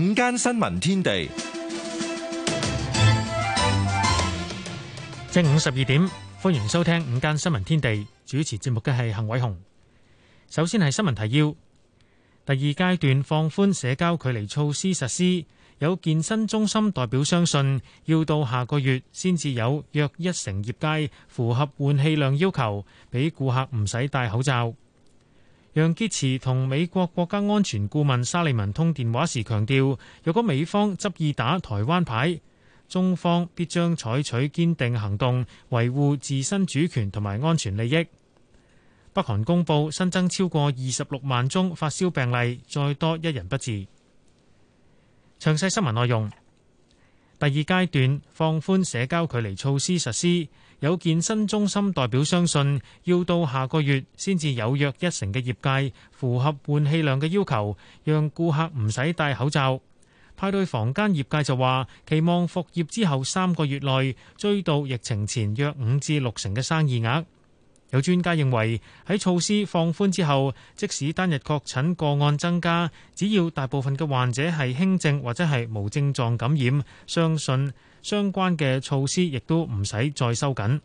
午間新聞天地，正午十二點，歡迎收聽午間新聞天地。主持節目嘅係幸偉雄。首先係新聞提要。第二階段放寬社交距離措施實施，有健身中心代表相信，要到下個月先至有約一成業界符合換氣量要求，俾顧客唔使戴口罩。楊潔篪同美國國家安全顧問沙利文通電話時強調，若果美方執意打台灣牌，中方必將採取堅定行動維護自身主權同埋安全利益。北韓公布新增超過二十六萬宗發燒病例，再多一人不治。詳細新聞內容：第二階段放寬社交距離措施實施。有健身中心代表相信，要到下個月先至有約一成嘅業界符合換氣量嘅要求，讓顧客唔使戴口罩。派對房間業界就話，期望復業之後三個月內追到疫情前約五至六成嘅生意額。有專家認為，喺措施放寬之後，即使單日確診個案增加，只要大部分嘅患者係輕症或者係無症狀感染，相信。相關嘅措施亦都唔使再收緊。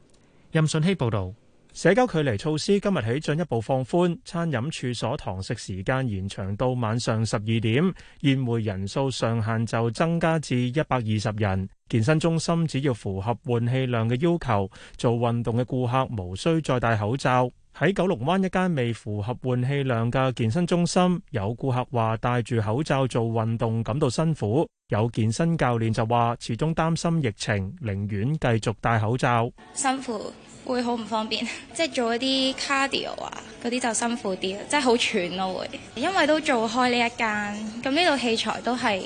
任信希報導，社交距離措施今日起進一步放寬，餐飲處所堂食時間延長到晚上十二點，宴會人數上限就增加至一百二十人。健身中心只要符合換氣量嘅要求，做運動嘅顧客無需再戴口罩。喺九龍灣一間未符合換氣量嘅健身中心，有顧客話戴住口罩做運動感到辛苦。有健身教練就話始終擔心疫情，寧願繼續戴口罩。辛苦會好唔方便，即係做一啲 cardio 啊嗰啲就辛苦啲啊，即係好喘咯會。因為都做開呢一間，咁呢度器材都係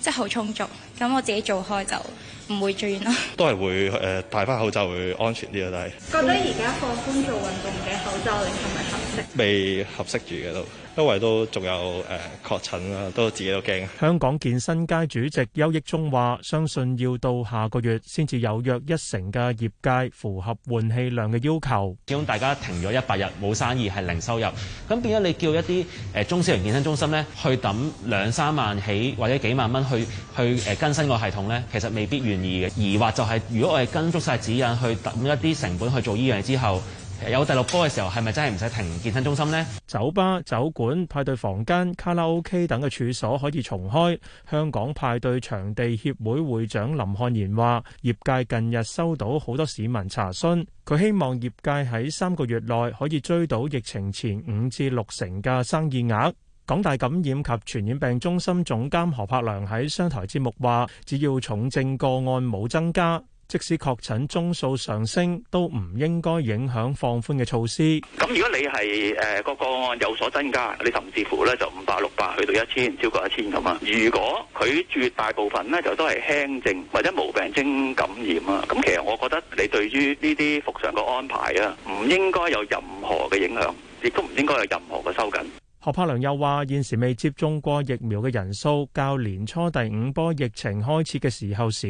即係好充足，咁我自己做開就。唔會轉咯、啊，都係會誒戴翻口罩會安全啲咯，但係。覺得而家放寬做運動嘅口罩令係咪合適？未合適住嘅都。周圍都仲有誒確診啦，都自己都驚。香港健身界主席邱益忠話：相信要到下個月先至有約一成嘅業界符合換氣量嘅要求。始終大家停咗一百日冇生意，係零收入，咁變咗你叫一啲誒中小型健身中心咧去抌兩三萬起或者幾萬蚊去去誒更新個系統咧，其實未必願意嘅。而或就係、是、如果我哋跟足晒指引去抌一啲成本去做呢樣之後。有第六波嘅時候，係咪真係唔使停健身中心咧？酒吧、酒館、派對房間、卡拉 OK 等嘅處所可以重開。香港派對場地協會會會長林漢賢話，業界近日收到好多市民查詢，佢希望業界喺三個月內可以追到疫情前五至六成嘅生意額。港大感染及傳染病中心總監何柏良喺商台節目話，只要重症個案冇增加，即使確診宗數上升，都唔應該影響放寬嘅措施。咁如果你係誒嗰個案有所增加，你甚至乎咧就五百六百去到一千，超過一千咁啊。如果佢絕大部分咧就都係輕症或者無病徵感染啊，咁其實我覺得你對於呢啲復常嘅安排啊，唔應該有任何嘅影響，亦都唔應該有任何嘅收緊。何柏良又話：現時未接種過疫苗嘅人數較年初第五波疫情開始嘅時候少，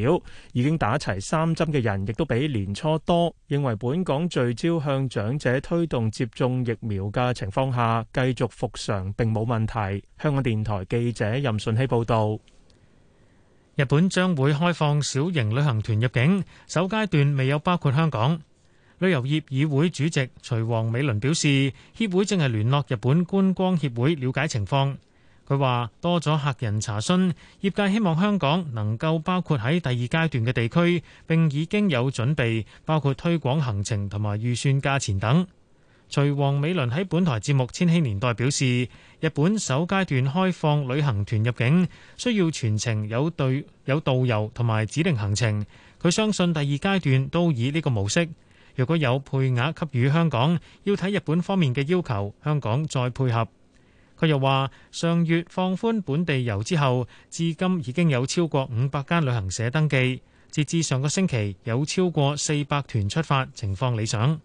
已經打齊三針嘅人亦都比年初多。認為本港聚焦向長者推動接種疫苗嘅情況下，繼續復常並冇問題。香港電台記者任順希報導。日本將會開放小型旅行團入境，首階段未有包括香港。旅遊業議會主席徐王美倫表示，協會正係聯絡日本觀光協會了解情況。佢話多咗客人查詢，業界希望香港能夠包括喺第二階段嘅地區，並已經有準備，包括推廣行程同埋預算價錢等。徐王美倫喺本台節目《千禧年代》表示，日本首階段開放旅行團入境需要全程有隊有導遊同埋指定行程，佢相信第二階段都以呢個模式。如果有配額給予香港，要睇日本方面嘅要求，香港再配合。佢又話上月放寬本地遊之後，至今已經有超過五百間旅行社登記，截至上個星期有超過四百團出發情況理想。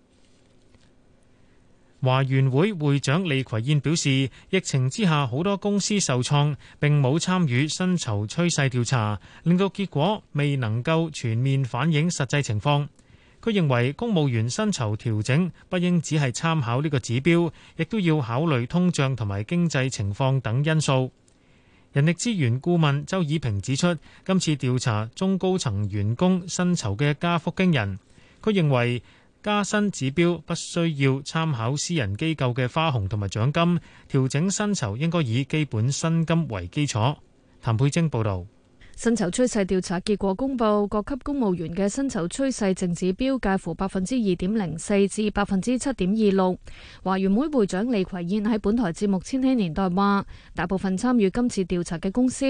華員會會長李葵燕表示，疫情之下好多公司受創並冇參與薪酬趨勢調查，令到結果未能夠全面反映實際情況。佢認為公務員薪酬調整不應只係參考呢個指標，亦都要考慮通脹同埋經濟情況等因素。人力資源顧問周以平指出，今次調查中高層員工薪酬嘅加幅驚人。佢認為加薪指標不需要參考私人機構嘅花紅同埋獎金，調整薪酬應該以基本薪金為基礎。譚佩晶報導。薪酬趨勢調查結果公佈，各級公務員嘅薪酬趨勢淨指標介乎百分之二點零四至百分之七點二六。華員會會長李葵燕喺本台節目《千禧年代》話：大部分參與今次調查嘅公司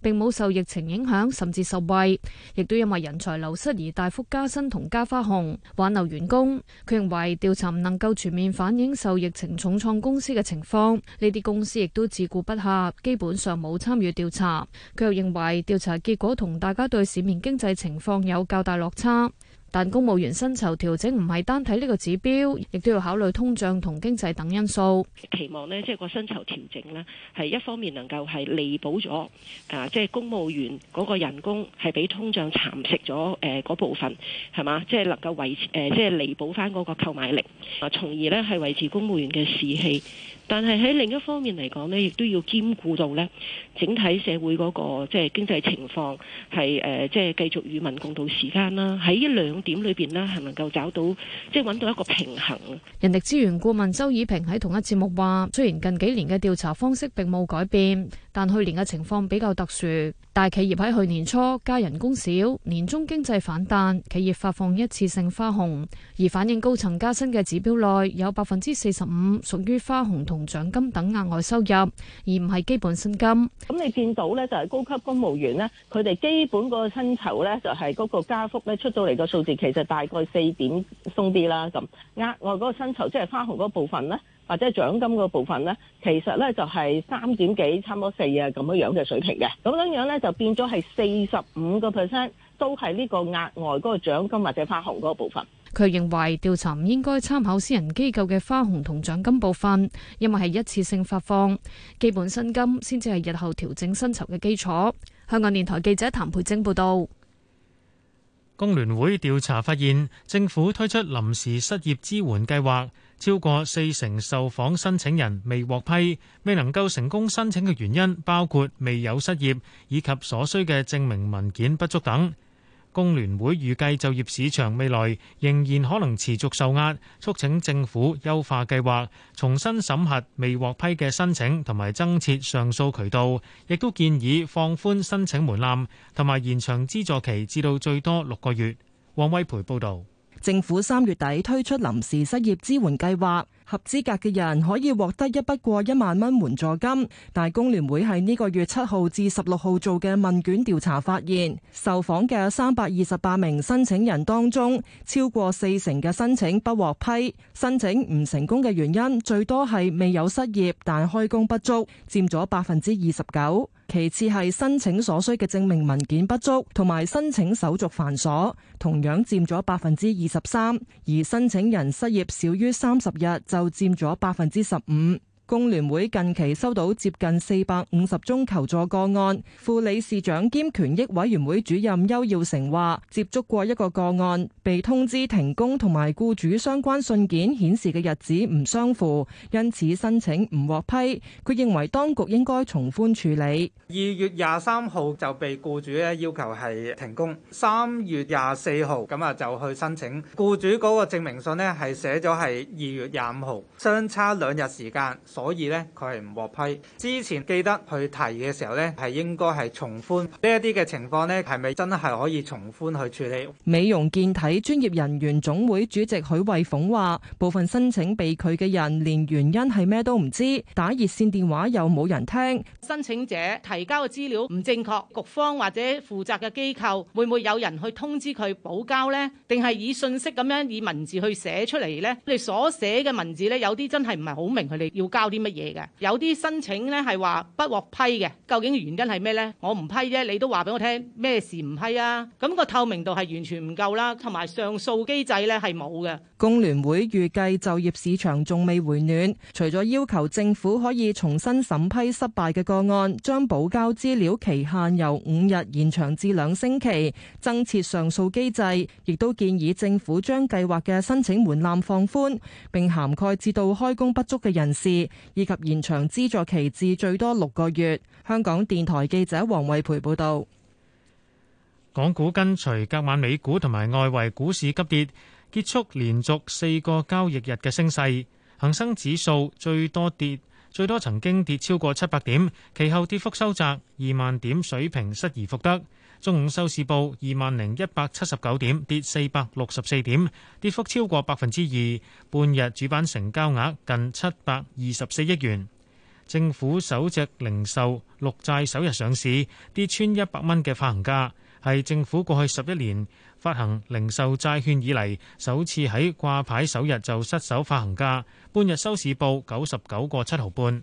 並冇受疫情影響，甚至受惠，亦都因為人才流失而大幅加薪同加花紅挽留員工。佢認為調查唔能夠全面反映受疫情重創公司嘅情況，呢啲公司亦都自顧不暇，基本上冇參與調查。佢又認為調查結果同大家對市面經濟情況有較大落差，但公務員薪酬調整唔係單睇呢個指標，亦都要考慮通脹同經濟等因素。期望呢，即係個薪酬調整呢，係一方面能夠係彌補咗啊，即係公務員嗰個人工係俾通脹蠶食咗誒嗰部分，係嘛，即係能夠維持誒，即係彌補翻嗰個購買力，啊，從而呢係維持公務員嘅士氣。但係喺另一方面嚟講咧，亦都要兼顧到咧，整體社會嗰個即係經濟情況係誒即係繼續與民共度時艱啦。喺呢兩點裏邊咧，係能夠找到即係揾到一個平衡。人力資源顧問周以平喺同一節目話，雖然近幾年嘅調查方式並冇改變，但去年嘅情況比較特殊。大企業喺去年初加人工少，年終經濟反彈企業發放一次性花紅，而反映高層加薪嘅指標內有百分之四十五屬於花紅同同獎金等額外收入，而唔係基本薪金。咁你見到咧，就係高級公務員咧，佢哋基本個薪酬咧，就係嗰個加幅咧出到嚟，個數字，其實大概四點鬆啲啦。咁額外嗰個薪酬，即係花紅嗰部分咧，或者係獎金嗰部分咧，其實咧就係三點幾，差唔多四啊咁樣樣嘅水平嘅。咁樣樣咧就變咗係四十五個 percent 都係呢個額外嗰個獎金或者花紅嗰個部分。佢認為調查唔應該參考私人機構嘅花紅同獎金部分，因為係一次性發放，基本薪金先至係日後調整薪酬嘅基礎。香港電台記者譚培晶報道。工聯會調查發現，政府推出臨時失業支援計劃，超過四成受訪申請人未獲批，未能夠成功申請嘅原因包括未有失業以及所需嘅證明文件不足等。工聯會預計就業市場未來仍然可能持續受壓，促請政府優化計劃，重新審核未獲批嘅申請，同埋增設上訴渠道，亦都建議放寬申請門檻，同埋延長資助期至到最多六個月。王威培報導。政府三月底推出臨時失業支援計劃，合資格嘅人可以獲得一筆過一萬蚊援助金。但工聯會喺呢個月七號至十六號做嘅問卷調查發現，受訪嘅三百二十八名申請人當中，超過四成嘅申請不獲批。申請唔成功嘅原因最多係未有失業，但開工不足，佔咗百分之二十九。其次係申請所需嘅證明文件不足，同埋申請手續繁瑣，同樣佔咗百分之二十三，而申請人失業少於三十日就佔咗百分之十五。工聯會近期收到接近四百五十宗求助個案，副理事長兼權益委員會主任邱耀成話，接觸過一個個案，被通知停工同埋僱主相關信件顯示嘅日子唔相符，因此申請唔獲批。佢認為當局應該從寬處理。二月廿三號就被僱主咧要求係停工，三月廿四號咁啊就去申請，僱主嗰個證明信呢係寫咗係二月廿五號，相差兩日時間。所以呢，佢係唔獲批。之前記得去提嘅時候呢，係應該係從寬呢一啲嘅情況呢，係咪真係可以從寬去處理？美容健體專業人員總會主席許慧鳳話，部分申請被拒嘅人，連原因係咩都唔知，打熱線電話又冇人聽。申請者提交嘅資料唔正確，局方或者負責嘅機構，會唔會有人去通知佢補交呢？定係以信息咁樣以文字去寫出嚟呢？你所寫嘅文字呢，有啲真係唔係好明，佢哋要交。啲乜嘢嘅？有啲申請呢係話不獲批嘅，究竟原因係咩呢？我唔批啫，你都話俾我聽咩事唔批啊？咁個透明度係完全唔夠啦，同埋上訴機制呢係冇嘅。工聯會預計就業市場仲未回暖，除咗要求政府可以重新審批失敗嘅個案，將補交資料期限由五日延長至兩星期，增設上訴機制，亦都建議政府將計劃嘅申請門檻放寬，並涵蓋至到開工不足嘅人士。以及延長資助期至最多六個月。香港電台記者黃慧培報導，港股跟隨隔晚美股同埋外圍股市急跌，結束連續四個交易日嘅升勢。恒生指數最多跌，最多曾經跌超過七百點，其後跌幅收窄，二萬點水平失而復得。中午收市報二萬零一百七十九點，跌四百六十四點，跌幅超過百分之二。半日主板成交額近七百二十四億元。政府首隻零售綠債首日上市，跌穿一百蚊嘅發行價，係政府過去十一年發行零售債券,券以嚟，首次喺掛牌首日就失守發行價。半日收市報九十九個七毫半。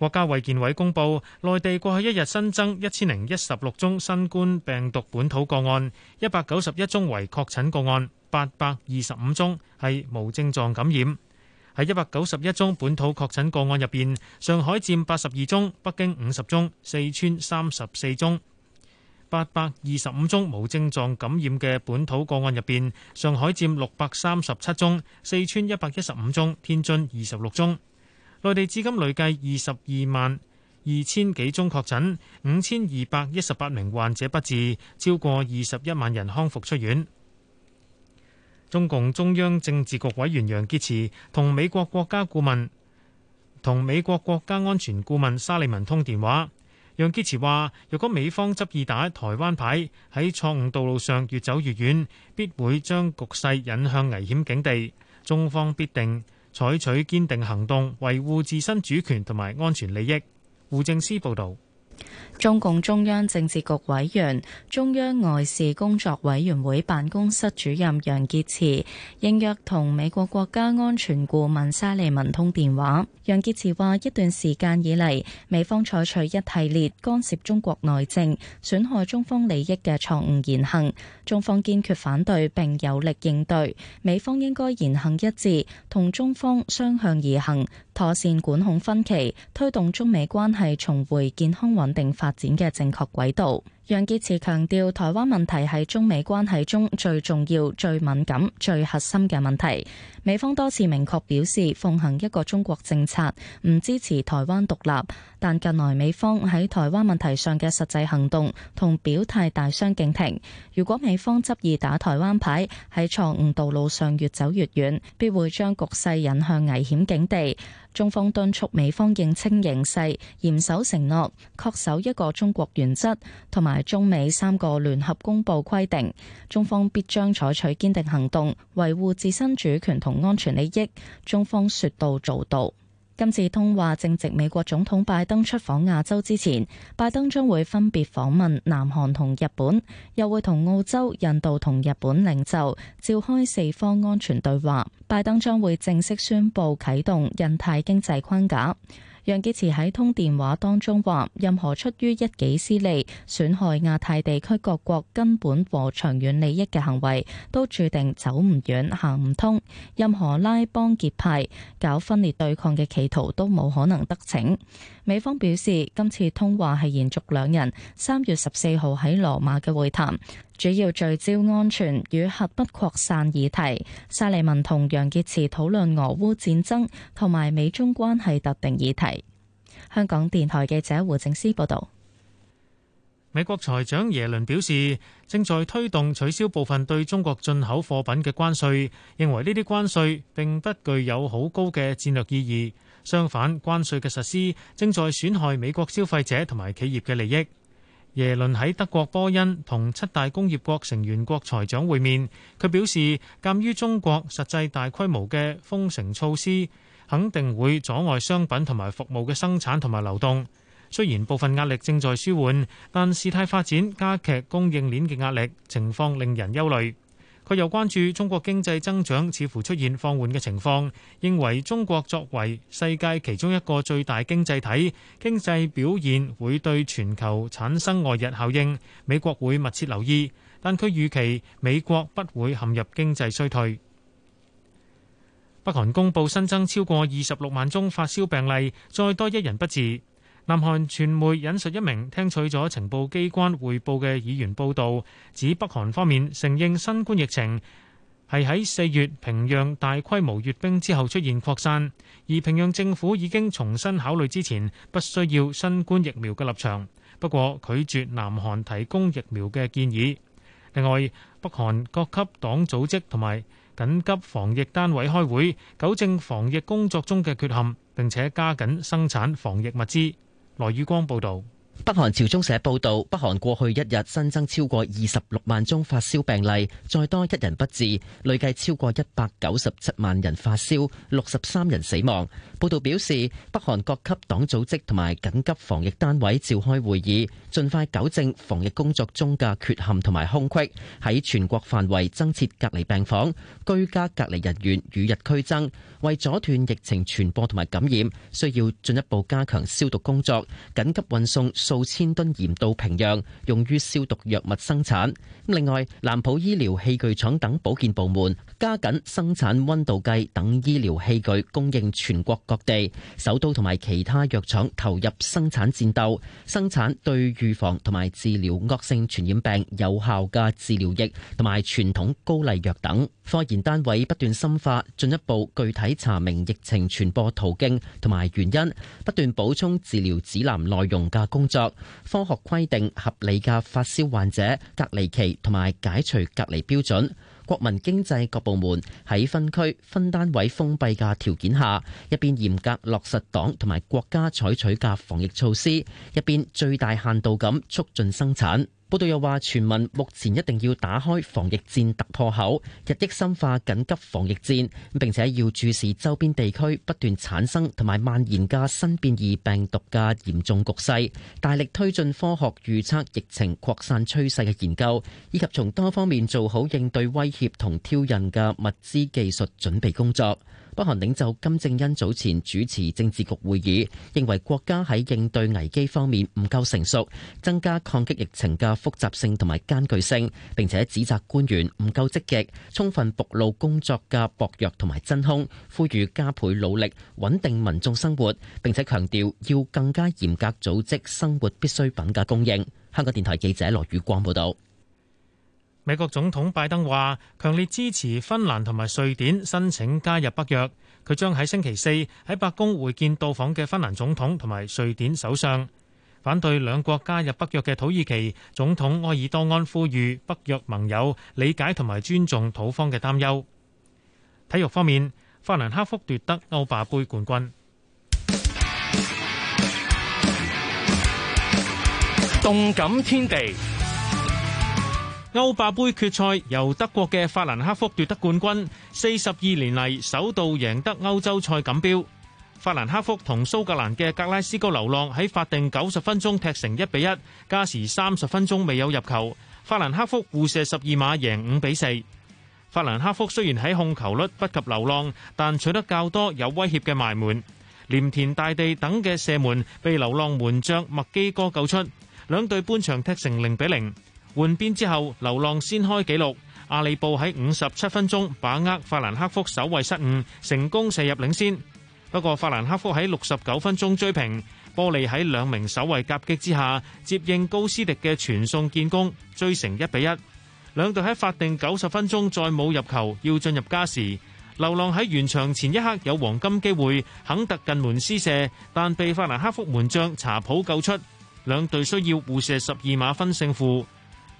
國家衛健委公布，內地過去一日新增一千零一十六宗新冠病毒本土個案，一百九十一宗為確診個案，八百二十五宗係無症狀感染。喺一百九十一宗本土確診個案入邊，上海占八十二宗，北京五十宗，四川三十四宗。八百二十五宗無症狀感染嘅本土個案入邊，上海占六百三十七宗，四川一百一十五宗，天津二十六宗。內地至今累計二十二萬二千幾宗確診，五千二百一十八名患者不治，超過二十一萬人康復出院。中共中央政治局委員楊潔篪同美國國家顧問同美國國家安全顧問沙利文通電話。楊潔篪話：若果美方執意打台灣牌，喺錯誤道路上越走越遠，必會將局勢引向危險境地，中方必定，採取堅定行動，維護自身主權同埋安全利益。胡政思報道》。中共中央政治局委員、中央外事工作委員會辦公室主任楊潔篪應約同美國國家安全顧問沙利文通電話。楊潔篪話：一段時間以嚟，美方採取一系列干涉中國內政、損害中方利益嘅錯誤言行，中方堅決反對並有力應對。美方應該言行一致，同中方相向而行，妥善管控分歧，推動中美關係重回健康運定發展嘅正確軌道。楊潔篪強調，台灣問題係中美關係中最重要、最敏感、最核心嘅問題。美方多次明確表示奉行一個中國政策，唔支持台灣獨立，但近來美方喺台灣問題上嘅實際行動同表態大相徑庭。如果美方執意打台灣牌，喺錯誤道路上越走越遠，必會將局勢引向危險境地。中方敦促美方認清形勢，嚴守承諾，確守一個中國原則，同埋中美三個聯合公佈規定，中方必將採取堅定行動，維護自身主權同安全利益。中方說到做到。今次通話正值美國總統拜登出訪亞洲之前，拜登將會分別訪問南韓同日本，又會同澳洲、印度同日本領袖召開四方安全對話。拜登將會正式宣布啟動印太經濟框架。楊潔篪喺通電話當中話，任何出於一己私利、損害亞太地區各國根本和長遠利益嘅行為，都注定走唔遠、行唔通。任何拉幫結派、搞分裂對抗嘅企圖，都冇可能得逞。美方表示，今次通話係延續兩人三月十四號喺羅馬嘅會談，主要聚焦安全與核不擴散議題，沙利文同楊潔篪討論俄烏戰爭同埋美中關係特定議題，香港電台記者胡正思報道。美國財長耶倫表示，正在推動取消部分對中國進口貨品嘅關稅，認為呢啲關稅並不具有好高嘅戰略意義。相反，關稅嘅實施正在損害美國消費者同埋企業嘅利益。耶倫喺德國波恩同七大工業國成員國財長會面，佢表示，鑒於中國實際大規模嘅封城措施，肯定會阻礙商品同埋服務嘅生產同埋流動，雖然部分壓力正在舒緩，但事態發展加劇供應鏈嘅壓力，情況令人憂慮。佢又關注中國經濟增長似乎出現放緩嘅情況，認為中國作為世界其中一個最大經濟體，經濟表現會對全球產生外溢效應。美國會密切留意，但佢預期美國不會陷入經濟衰退。北韓公佈新增超過二十六萬宗發燒病例，再多一人不治。南韓傳媒引述一名聽取咗情報機關匯報嘅議員報導，指北韓方面承認新冠疫情係喺四月平壤大規模閱兵之後出現擴散，而平壤政府已經重新考慮之前不需要新冠疫苗嘅立場，不過拒絕南韓提供疫苗嘅建議。另外，北韓各級黨組織同埋緊急防疫單位開會，糾正防疫工作中嘅缺陷，並且加緊生產防疫物資。羅宇光報道。北韓朝中社報道，北韓過去一日新增超過二十六萬宗發燒病例，再多一人不治，累計超過一百九十七萬人發燒，六十三人死亡。報道表示，北韓各級黨組織同埋緊急防疫單位召開會議，盡快糾正防疫工作中嘅缺陷同埋空隙，喺全國範圍增設隔離病房，居家隔離人員與日俱增。為阻斷疫情傳播同埋感染，需要進一步加強消毒工作，緊急運送，送。數千噸鹽到平壤，用於消毒藥物生產。另外，南浦醫療器具廠等保健部門加緊生產溫度計等醫療器具，供應全國各地。首都同埋其他藥廠投入生產戰鬥，生產對預防同埋治療惡性傳染病有效嘅治療液同埋傳統高麗藥等。科研單位不斷深化，進一步具體查明疫情傳播途徑同埋原因，不斷補充治療指南內容嘅工作。科學規定合理嘅發燒患者隔離期同埋解除隔離標準，國民經濟各部門喺分區分單位封閉嘅條件下，一邊嚴格落實黨同埋國家採取嘅防疫措施，一邊最大限度咁促進生產。報道又話，全民目前一定要打開防疫戰突破口，日益深化緊急防疫戰，並且要注視周邊地區不斷產生同埋蔓延嘅新變異病毒嘅嚴重局勢，大力推進科學預測疫情擴散趨勢嘅研究，以及從多方面做好應對威脅同挑釁嘅物資技術準備工作。北韓領袖金正恩早前主持政治局會議，認為國家喺應對危機方面唔夠成熟，增加抗擊疫情嘅複雜性同埋艱巨性，並且指責官員唔夠積極，充分暴露工作嘅薄弱同埋真空，呼籲加倍努力，穩定民眾生活，並且強調要更加嚴格組織生活必需品嘅供應。香港電台記者羅宇光報道。美國總統拜登話強烈支持芬蘭同埋瑞典申請加入北約，佢將喺星期四喺白宮會見到訪嘅芬蘭總統同埋瑞典首相。反對兩國加入北約嘅土耳其總統埃爾多安呼籲北約盟友理解同埋尊重土方嘅擔憂。體育方面，法蘭克福奪得歐霸杯冠軍。動感天地。歐霸盃決賽由德國嘅法蘭克福奪得冠軍，四十二年嚟首度贏得歐洲賽錦標。法蘭克福同蘇格蘭嘅格拉斯哥流浪喺法定九十分鐘踢成一比一，加時三十分鐘未有入球，法蘭克福互射十二碼贏五比四。法蘭克福雖然喺控球率不及流浪，但取得較多有威脅嘅埋門，鐮田大地等嘅射門被流浪門將麥基哥救出，兩隊半場踢成零比零。換邊之後，流浪先開紀錄。阿里布喺五十七分鐘把握法蘭克福守衛失誤，成功射入領先。不過法蘭克福喺六十九分鐘追平。波利喺兩名守衛夾擊之下接應高斯迪嘅傳送建功，追成一比一。兩隊喺法定九十分鐘再冇入球，要進入加時。流浪喺完場前一刻有黃金機會，肯特近門施射，但被法蘭克福門將查普救出。兩隊需要互射十二碼分勝負。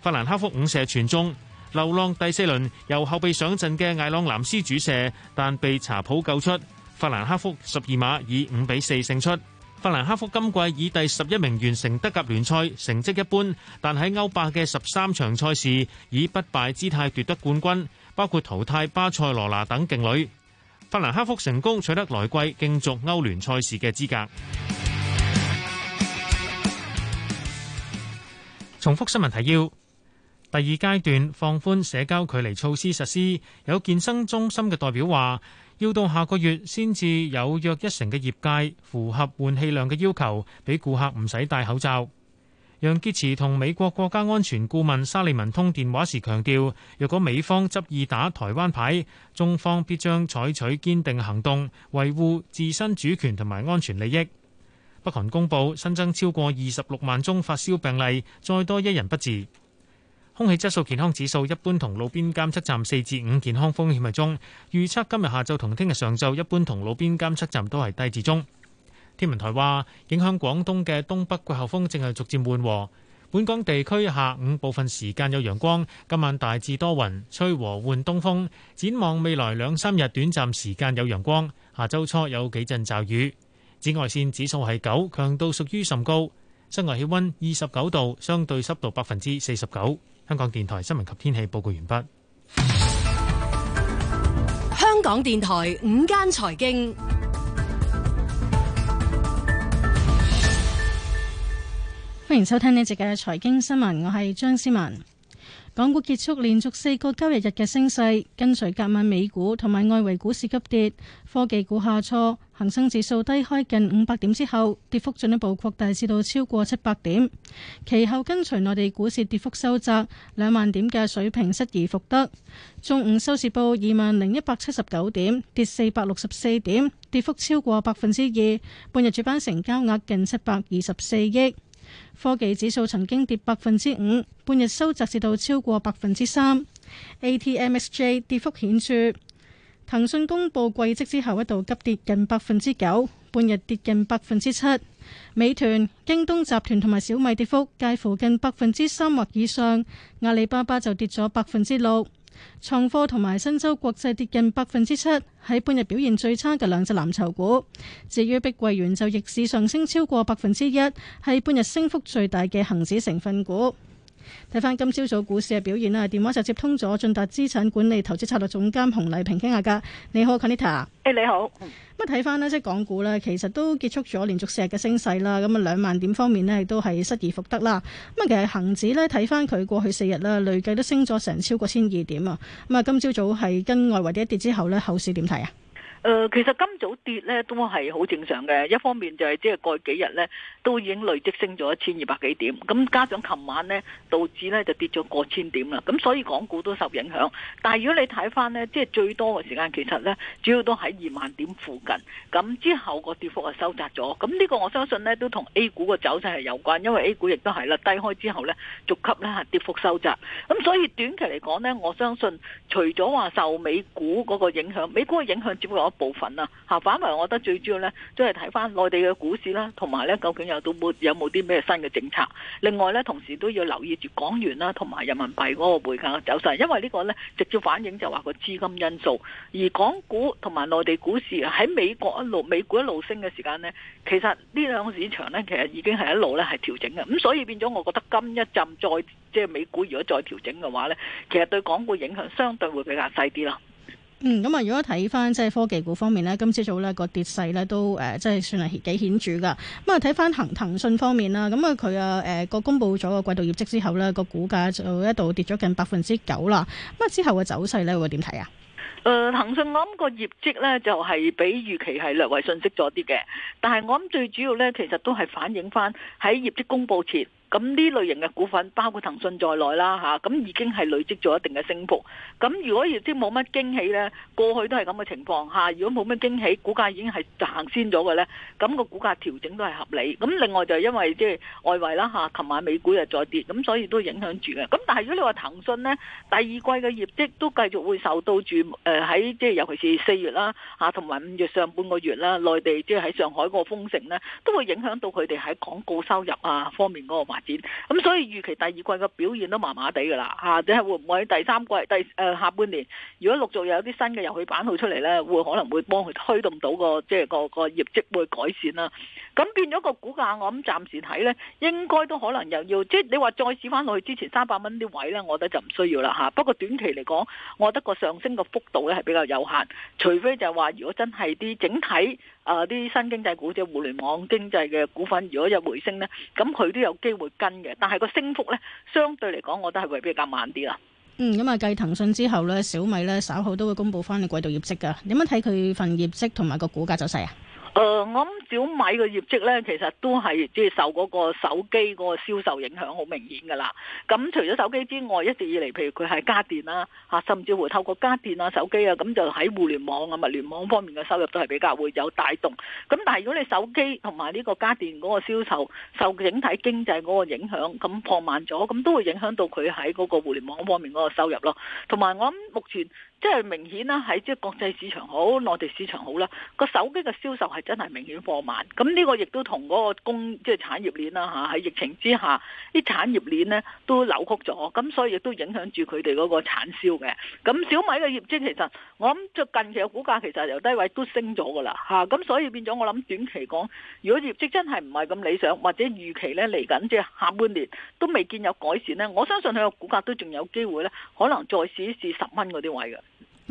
法蘭克福五射全中，流浪第四輪由後備上陣嘅艾朗南斯主射，但被查普救出。法蘭克福十二碼以五比四勝出。法蘭克福今季以第十一名完成德甲聯賽，成績一般，但喺歐霸嘅十三場賽事以不敗姿態奪得冠軍，包括淘汰巴塞羅那等勁旅。法蘭克福成功取得來季競逐歐聯賽事嘅資格。重複新聞提要。第二階段放寬社交距離措施實施，有健身中心嘅代表話：要到下個月先至有約一成嘅業界符合換氣量嘅要求，俾顧客唔使戴口罩。楊潔篪同美國國家安全顧問沙利文通電話時強調，若果美方執意打台灣牌，中方必將採取堅定行動，維護自身主權同埋安全利益。北韓公佈新增超過二十六萬宗發燒病例，再多一人不治。空氣質素健康指數一般同路邊監測站四至五，健康風險係中。預測今日下晝同聽日上晝一般同路邊監測站都係低至中。天文台話，影響廣東嘅東北季候風正係逐漸緩和，本港地區下午部分時間有陽光，今晚大致多雲，吹和緩東風。展望未來兩三日短暫時間有陽光，下周初有幾陣驟雨。紫外線指數係九，強度屬於甚高。室外氣温二十九度，相對濕度百分之四十九。香港電台新聞及天氣報告完畢。香港電台午間財經，歡迎收聽呢節嘅財經新聞，我係張思文。港股結束連續四個交易日嘅升勢，跟隨隔晚美股同埋外圍股市急跌，科技股下挫，恒生指數低開近五百點之後，跌幅進一步擴大至到超過七百點。其後跟隨內地股市跌幅收窄，兩萬點嘅水平失而復得。中午收市報二萬零一百七十九點，跌四百六十四點，跌幅超過百分之二。半日主板成交額近七百二十四億。科技指數曾經跌百分之五，半日收窄至到超過百分之三。ATMXJ 跌幅顯著，騰訊公布季績之後一度急跌近百分之九，半日跌近百分之七。美團、京東集團同埋小米跌幅介乎近百分之三或以上，阿里巴巴就跌咗百分之六。創科同埋申洲國際跌近百分之七，係半日表現最差嘅兩隻藍籌股。至於碧桂園就逆市上升超過百分之一，係半日升幅最大嘅恒指成分股。睇翻今朝早股市嘅表現啦，電話就接通咗駿達資產管理投資策略總監洪麗萍傾下偈。你好 Conita，誒，你好。咁啊，睇翻呢，即係港股呢，其實都結束咗連續四日嘅升勢啦。咁啊，兩萬點方面呢，亦都係失而復得啦。咁啊，其實恒指呢，睇翻佢過去四日咧，累計都升咗成超過千二點啊。咁啊，今朝早係跟外圍跌一跌之後呢，後市點睇啊？誒、呃，其實今早跌呢都係好正常嘅，一方面就係即係過幾日呢。都已經累積升咗一千二百幾點，咁加上琴晚呢道指呢就跌咗過千點啦。咁所以港股都受影響。但係如果你睇翻呢，即係最多嘅時間，其實呢主要都喺二萬點附近。咁之後個跌幅係收窄咗。咁呢個我相信呢都同 A 股嘅走勢係有關，因為 A 股亦都係啦，低開之後呢逐級呢係跌幅收窄。咁所以短期嚟講呢，我相信除咗話受美股嗰個影響，美股嘅影響只會有一部分啊。嚇，反為我覺得最主要呢都係睇翻內地嘅股市啦，同埋呢究竟，有到冇，有冇啲咩新嘅政策？另外呢，同時都要留意住港元啦，同埋人民幣嗰個匯價走勢，因為呢個呢直接反映就話個資金因素。而港股同埋內地股市喺美國一路美股一路升嘅時間呢，其實呢兩個市場呢，其實已經係一路呢係調整嘅。咁所以變咗，我覺得今一浸再即係、就是、美股如果再調整嘅話呢，其實對港股影響相對會比較細啲囉。嗯，咁啊，如果睇翻，即係科技股方面呢，今朝早呢個跌勢咧，都誒，即、呃、係算係幾顯著噶。咁啊，睇翻騰騰訊方面啦，咁啊佢啊誒個公布咗個季度業績之後呢，個股價就一度跌咗近百分之九啦。咁啊之後嘅走勢咧，會點睇啊？誒、呃，騰訊我諗個業績呢就係比預期係略為遜色咗啲嘅，但係我諗最主要呢，其實都係反映翻喺業績公布前。咁呢類型嘅股份，包括騰訊在內啦嚇，咁、啊、已經係累積咗一定嘅升幅。咁如果業績冇乜驚喜呢，過去都係咁嘅情況嚇、啊。如果冇乜驚喜，股價已經係行先咗嘅呢。咁、個股價調整都係合理。咁另外就係因為即係外圍啦嚇，琴、啊、晚美股又再跌，咁所以都影響住嘅。咁但係如果你話騰訊呢，第二季嘅業績都繼續會受到住誒喺即係尤其是四月啦嚇，同埋五月上半個月啦，內、啊、地即係喺上海嗰個封城呢，都會影響到佢哋喺廣告收入啊方面嗰個咁、嗯、所以預期第二季嘅表現都麻麻哋㗎啦，吓，即係會唔會喺第三季，第誒、呃、下半年，如果陸續又有啲新嘅遊戲版號出嚟咧，會可能會幫佢推動到個即係、就是、個個業績會改善啦、啊。咁變咗個股價，我諗暫時睇呢應該都可能又要，即係你話再試翻落去之前三百蚊啲位呢，我覺得就唔需要啦嚇。不過短期嚟講，我覺得個上升個幅度呢係比較有限，除非就係話如果真係啲整體啊啲、呃、新經濟股，即係互聯網經濟嘅股份，如果有回升呢，咁佢都有機會跟嘅。但係個升幅呢，相對嚟講，我覺得係會比較慢啲啦。嗯，咁啊，繼騰訊之後呢，小米呢，稍後都會公布翻你季度業績噶。點樣睇佢份業績同埋個股價走勢啊？誒、呃，我諗小米嘅業績呢，其實都係即係受嗰個手機嗰個銷售影響好明顯噶啦。咁除咗手機之外，一直以嚟，譬如佢係家電啦、啊，吓、啊，甚至乎透過家電啊、手機啊，咁就喺互聯網啊、物聯網方面嘅收入都係比較會有帶動。咁但係如果你手機同埋呢個家電嗰個銷售受整體經濟嗰個影響，咁放緩咗，咁都會影響到佢喺嗰個互聯網方面嗰個收入咯。同埋我諗目前。即係明顯啦，喺即係國際市場好，內地市場好啦，個手機嘅銷售係真係明顯放慢。咁呢個亦都同嗰個供即係產業鏈啦嚇，喺疫情之下，啲產業鏈呢都扭曲咗，咁所以亦都影響住佢哋嗰個產銷嘅。咁小米嘅業績其實我諗，最近期嘅股價其實由低位都升咗噶啦嚇，咁所以變咗我諗短期講，如果業績真係唔係咁理想，或者預期呢嚟緊即係下半年都未見有改善呢，我相信佢個股價都仲有機會呢，可能再試一試十蚊嗰啲位嘅。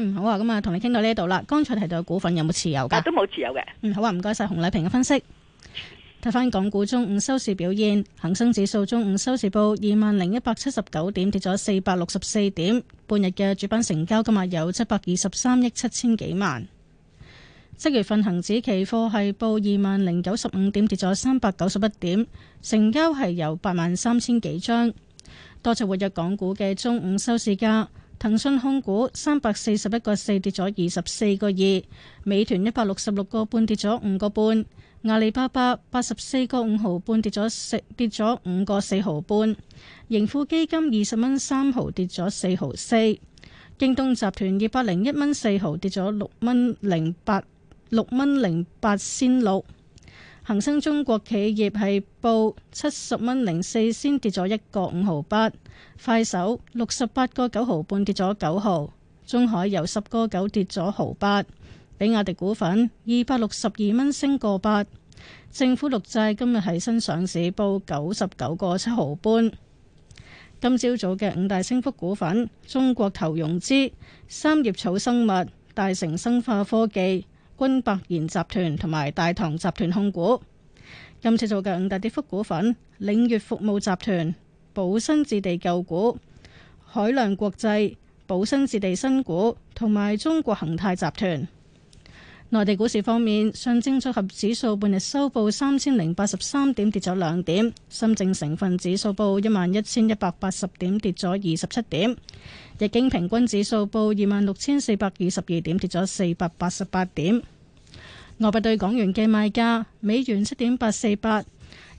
嗯，好啊，咁啊，同你傾到呢度啦。剛才提到嘅股份有冇持有噶？啊，都冇持有嘅。嗯，好啊，唔該晒洪禮平嘅分析。睇翻港股中午收市表現，恒生指數中午收市報二萬零一百七十九點，跌咗四百六十四點。半日嘅主板成交今日有七百二十三億七千幾萬。七月份恒指期貨係報二萬零九十五點，跌咗三百九十一點，成交係由八萬三千幾張。多謝活躍港股嘅中午收市價。騰訊控股三百四十一個四跌咗二十四個二，美團一百六十六個半跌咗五個半，阿里巴巴八十四個五毫半跌咗四跌咗五個四毫半，盈富基金二十蚊三毫跌咗四毫四，京東集團二百零一蚊四毫跌咗六蚊零八，六蚊零八先六。恒生中國企業係報七十蚊零四，先跌咗一個五毫八。快手六十八個九毫半跌咗九毫。中海油十個九跌咗毫八。比亞迪股份二百六十二蚊升個八。政府綠債今日係新上市，報九十九個七毫半。今朝早嘅五大升幅股份：中國投融資、三葉草生物、大成生化科技。君百賢集團同埋大唐集團控股，今次做嘅五大跌幅股份：領悅服務集團、寶新置地舊股、海亮國際、寶新置地新股同埋中國恒泰集團。內地股市方面，上證綜合指數半日收報三千零八十三點，跌咗兩點；深證成分指數報一萬一千一百八十點，跌咗二十七點；日經平均指數報二萬六千四百二十二點，跌咗四百八十八點。外幣對港元嘅賣價：美元七點八四八，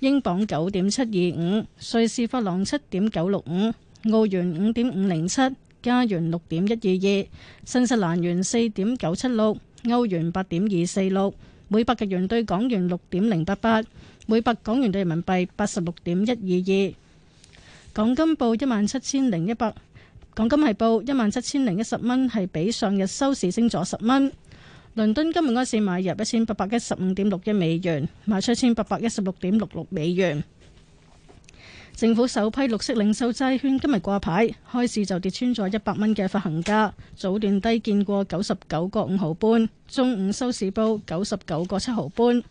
英鎊九點七二五，瑞士法郎七點九六五，澳元五點五零七，加元六點一二二，新西蘭元四點九七六。歐元八點二四六，每百日元對港元六點零八八，每百港元對人民幣八十六點一二二。港金報一萬七千零一百，港金係報一萬七千零一十蚊，係比上日收市升咗十蚊。倫敦今日開市買入一千八百一十五點六一美元，賣出一千八百一十六點六六美元。政府首批綠色零售債券今日掛牌，開市就跌穿咗一百蚊嘅發行價，早段低見過九十九個五毫半，中午收市報九十九個七毫半。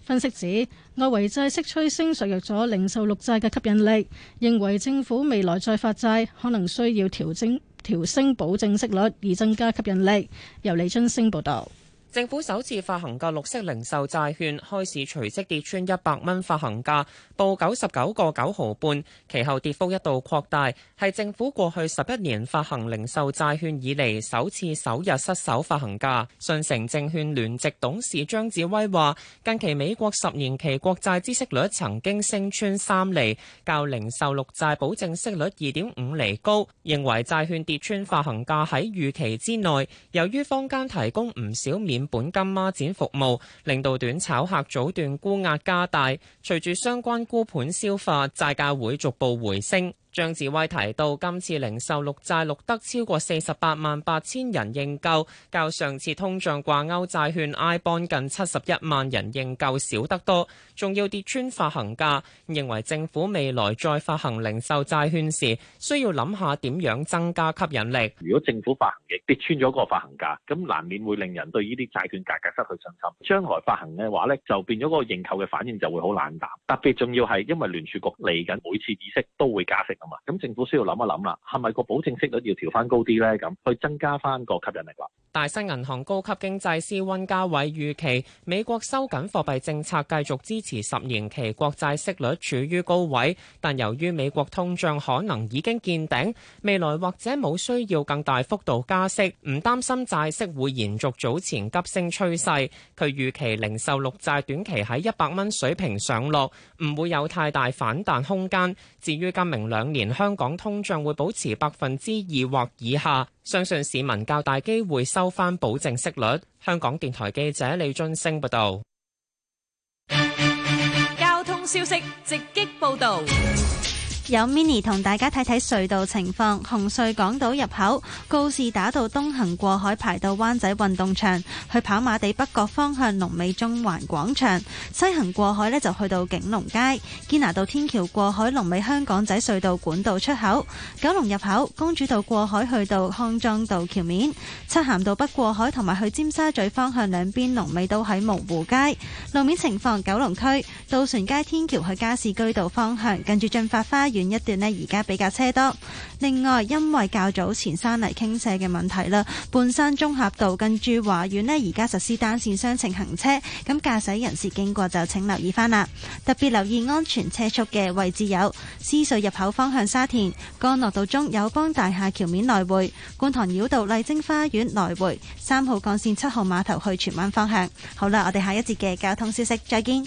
分析指，外圍債息趨升削弱咗零售綠債嘅吸引力，認為政府未來再發債可能需要調整調升保證息率以增加吸引力。由李春升報導。政府首次發行嘅綠色零售債券開市隨即跌穿一百蚊發行價，報九十九個九毫半，其後跌幅一度擴大，係政府過去十一年發行零售債券以嚟首次首日失守發行價。信誠證券聯席董事張志威話，近期美國十年期國債孳息率曾經升穿三厘較零售綠債保證息率二點五厘高，認為債券跌穿發行價喺預期之內，由於坊間提供唔少免、免本金孖展服務，令到短炒客早段沽壓加大，隨住相關沽盤消化，債價會逐步回升。張志威提到，今次零售綠債錄得超過四十八萬八千人認購，較上次通脹掛鈎債券 I bond 近七十一萬人認購少得多。仲要跌穿發行價，認為政府未來再發行零售債券時，需要諗下點樣增加吸引力。如果政府發行亦跌穿咗個發行價，咁難免會令人對呢啲債券價格失去信心。將來發行嘅話呢就變咗個認購嘅反應就會好冷淡。特別仲要係因為聯儲局嚟緊每次議息都會加息。咁政府需要諗一諗啦，係咪個保證息率要調翻高啲呢？咁去增加翻個吸引力啦。大新銀行高級經濟師溫家偉預期，美國收緊貨幣政策，繼續支持十年期國債息率處於高位，但由於美國通脹可能已經見頂，未來或者冇需要更大幅度加息，唔擔心債息會延續早前急升趨勢。佢預期零售綠債短期喺一百蚊水平上落，唔會有太大反彈空間。至於今明兩年香港通脹會保持百分之二或以下，相信市民較大機會收返保證息率。香港電台記者李津升報道。交通消息直擊報導，有 Mini 同大家睇睇隧道情況，紅隧港島入口，告士打道東行過海排到灣仔運動場，去跑馬地北角方向龍尾中環廣場，西行過海咧就去到景隆街，堅拿道天橋過海龍尾香港仔隧道管道出口，九龍入口公主道過海去到康莊道橋面，漆咸道北過海同埋去尖沙咀方向兩邊龍尾都喺蕪湖街路面情況，九龍區渡船街天橋去加士居道方向，跟住駿發花。遠一段咧，而家比較車多。另外，因為較早前山泥傾瀉嘅問題啦，半山中合道近住華苑咧，而家實施單線雙程行車，咁駕駛人士經過就請留意翻啦。特別留意安全車速嘅位置有：獅隧入口方向沙田、干諾道中友邦大廈橋面來回、觀塘繞道麗晶花園來回、三號幹線七號碼頭去荃灣方向。好啦，我哋下一節嘅交通消息再見。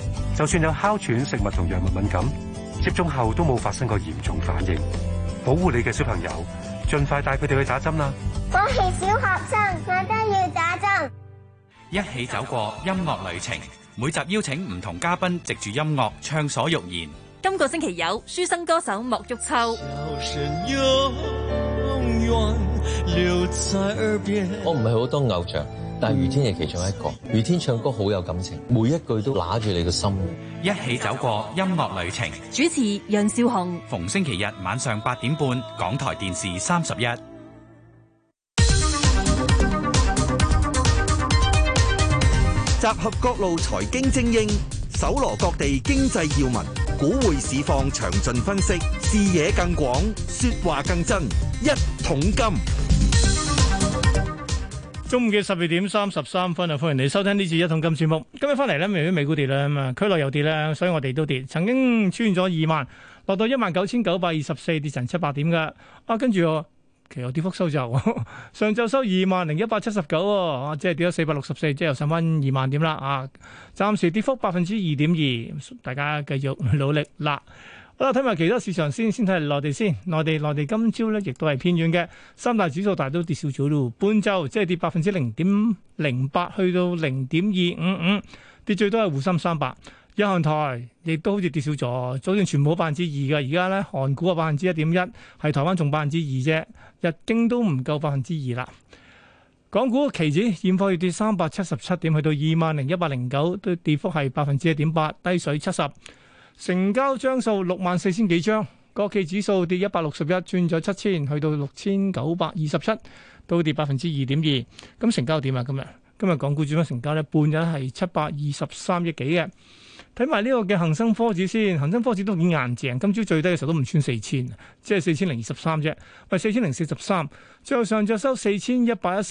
就算有哮喘、食物同藥物敏感，接種後都冇發生過嚴重反應。保護你嘅小朋友，盡快帶佢哋去打針啦！我係小學生，我都要打針。一起走過音樂旅程，每集邀請唔同嘉賓，藉住音樂暢所欲言。今個星期有書生歌手莫玉秋秋。我唔係好多偶像。但係余天亦其中一個，余天唱歌好有感情，每一句都揦住你個心。一起走過音樂旅程，主持楊少雄，逢星期日晚上八點半，港台電視三十一。集合各路財經精英，搜羅各地經濟要聞，股匯市況詳盡分析，視野更廣，説話更真，一桶金。中午嘅十二點三十三分啊，歡迎你收聽呢次一桶金算輯。今日翻嚟咧，明明美股跌啦，咁啊，區內又跌咧，所以我哋都跌。曾經穿咗二萬，落到一萬九千九百二十四，跌成七八點嘅。啊，跟住其後跌幅收窄， 上晝收二萬零一百七十九喎，即係跌咗四百六十四，即係又上翻二萬點啦。啊，暫時跌幅百分之二點二，大家繼續努力啦。睇埋其他市場先，先睇內地先。內地內地今朝咧，亦都係偏軟嘅。三大指數大都跌少咗咯。半周即係跌百分之零點零八，去到零點二五五。跌最多係滬深三百，日韓台亦都好似跌少咗。早前全部百分之二嘅，而家咧韓股係百分之一點一，係台灣仲百分之二啫。日經都唔夠百分之二啦。港股期指現貨要跌三百七十七點，去到二萬零一百零九，都跌幅係百分之一點八，低水七十。成交張數六萬四千幾張，國企指數跌一百六十一，穿咗七千，去到六千九百二十七，都跌百分之二點二。咁成交點啊？今日今日港股點樣成交咧？半日係七百二十三億幾嘅。睇埋呢個嘅恒生科指先，恒生科指都已經硬淨，今朝最低嘅時候都唔穿四千，即係四千零二十三啫，咪四千零四十三，最後上就收四千一百一十。